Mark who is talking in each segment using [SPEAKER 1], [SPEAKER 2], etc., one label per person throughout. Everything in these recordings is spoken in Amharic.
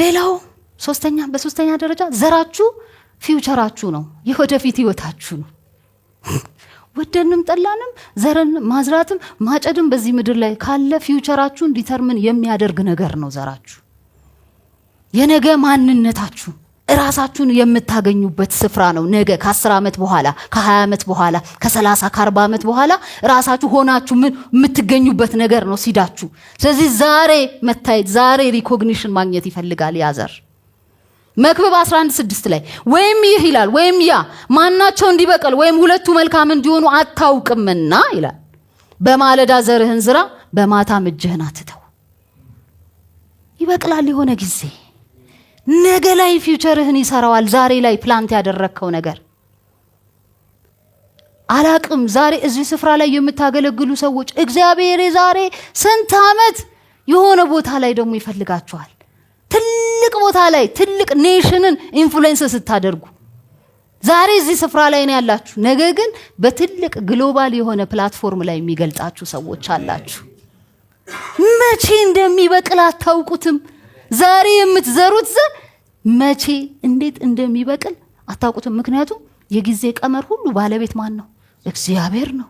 [SPEAKER 1] ሌላው ሶስተኛ በሶስተኛ ደረጃ ዘራችሁ ፊውቸራችሁ ነው፣ የወደፊት ህይወታችሁ ነው። ወደንም ጠላንም ዘርን ማዝራትም ማጨድም በዚህ ምድር ላይ ካለ ፊውቸራችሁን ዲተርምን የሚያደርግ ነገር ነው። ዘራችሁ የነገ ማንነታችሁ እራሳችሁን የምታገኙበት ስፍራ ነው። ነገ ከ10 ዓመት በኋላ ከ ከ20 ዓመት በኋላ ከ ከአርባ ዓመት በኋላ ራሳችሁ ሆናችሁ ምን የምትገኙበት ነገር ነው ሲዳችሁ። ስለዚህ ዛሬ መታየት ዛሬ ሪኮግኒሽን ማግኘት ይፈልጋል ያዘር ዘር። መክብብ 11፥6 ላይ ወይም ይህ ይላል ወይም ያ ማናቸው እንዲበቀል ወይም ሁለቱ መልካም እንዲሆኑ አታውቅምና ይላል። በማለዳ ዘርህን ዝራ፣ በማታም እጅህን አትተው። ይበቅላል የሆነ ጊዜ ነገ ላይ ፊውቸርህን ይሰራዋል። ዛሬ ላይ ፕላንት ያደረግከው ነገር አላቅም። ዛሬ እዚህ ስፍራ ላይ የምታገለግሉ ሰዎች እግዚአብሔር የዛሬ ስንት ዓመት የሆነ ቦታ ላይ ደግሞ ይፈልጋችኋል። ትልቅ ቦታ ላይ ትልቅ ኔሽንን ኢንፍሉዌንስ ስታደርጉ ዛሬ እዚህ ስፍራ ላይ ነው ያላችሁ። ነገ ግን በትልቅ ግሎባል የሆነ ፕላትፎርም ላይ የሚገልጣችሁ ሰዎች አላችሁ። መቼ እንደሚበቅል አታውቁትም። ዛሬ የምትዘሩት ዘር መቼ እንዴት እንደሚበቅል አታውቁትም። ምክንያቱም የጊዜ ቀመር ሁሉ ባለቤት ማን ነው? እግዚአብሔር ነው።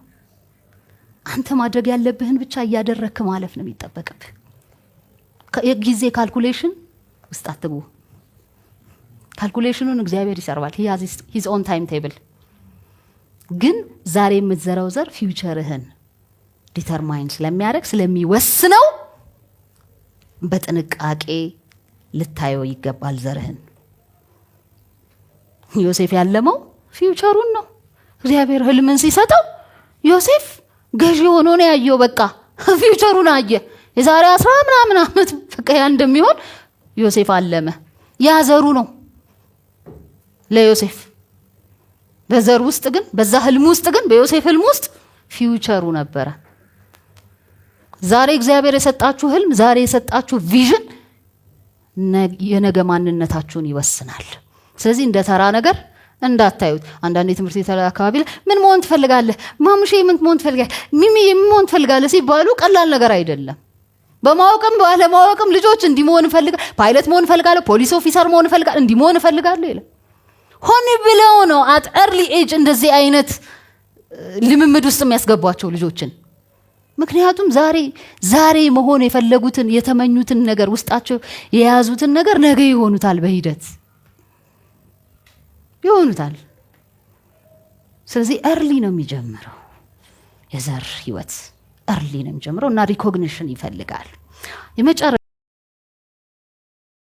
[SPEAKER 1] አንተ ማድረግ ያለብህን ብቻ እያደረግክ ማለፍ ነው የሚጠበቅብህ። የጊዜ ካልኩሌሽን ውስጥ አትግቡ። ካልኩሌሽኑን እግዚአብሔር ይሰርባል። ሂዝ ኦን ታይም ቴብል። ግን ዛሬ የምትዘራው ዘር ፊውቸርህን ዲተርማይን ስለሚያደርግ ስለሚወስነው በጥንቃቄ ልታየው ይገባል ዘርህን። ዮሴፍ ያለመው ፊውቸሩን ነው። እግዚአብሔር ህልምን ሲሰጠው ዮሴፍ ገዢ ሆኖ ነው ያየው። በቃ ፊውቸሩን አየ። የዛሬ አስራ ምናምን ዓመት በቃ ያ እንደሚሆን ዮሴፍ አለመ። ያ ዘሩ ነው ለዮሴፍ። በዘር ውስጥ ግን በዛ ህልም ውስጥ ግን በዮሴፍ ህልም ውስጥ ፊውቸሩ ነበረ። ዛሬ እግዚአብሔር የሰጣችሁ ህልም፣ ዛሬ የሰጣችሁ ቪዥን የነገ ማንነታችሁን ይወስናል። ስለዚህ እንደ ተራ ነገር እንዳታዩት። አንዳንድ የትምህርት ቤት አካባቢ ላይ ምን መሆን ትፈልጋለህ? ማሙሼ ምን መሆን ትፈልጋለህ? ሚሚ ምን መሆን ትፈልጋለህ ሲባሉ ቀላል ነገር አይደለም። በማወቅም ባለማወቅም ልጆች እንዲህ መሆን እፈልጋለሁ፣ ፓይለት መሆን እፈልጋለሁ፣ ፖሊስ ኦፊሰር መሆን እፈልጋለሁ፣ እንዲህ መሆን እፈልጋለሁ ይላል። ሆን ብለው ነው አት ኤርሊ ኤጅ እንደዚህ አይነት ልምምድ ውስጥ የሚያስገቧቸው ልጆችን ምክንያቱም ዛሬ ዛሬ መሆን የፈለጉትን የተመኙትን ነገር ውስጣቸው የያዙትን ነገር ነገ ይሆኑታል፣ በሂደት ይሆኑታል። ስለዚህ እርሊ ነው የሚጀምረው የዘር ህይወት እርሊ ነው የሚጀምረው እና ሪኮግኒሽን ይፈልጋል የመጨረ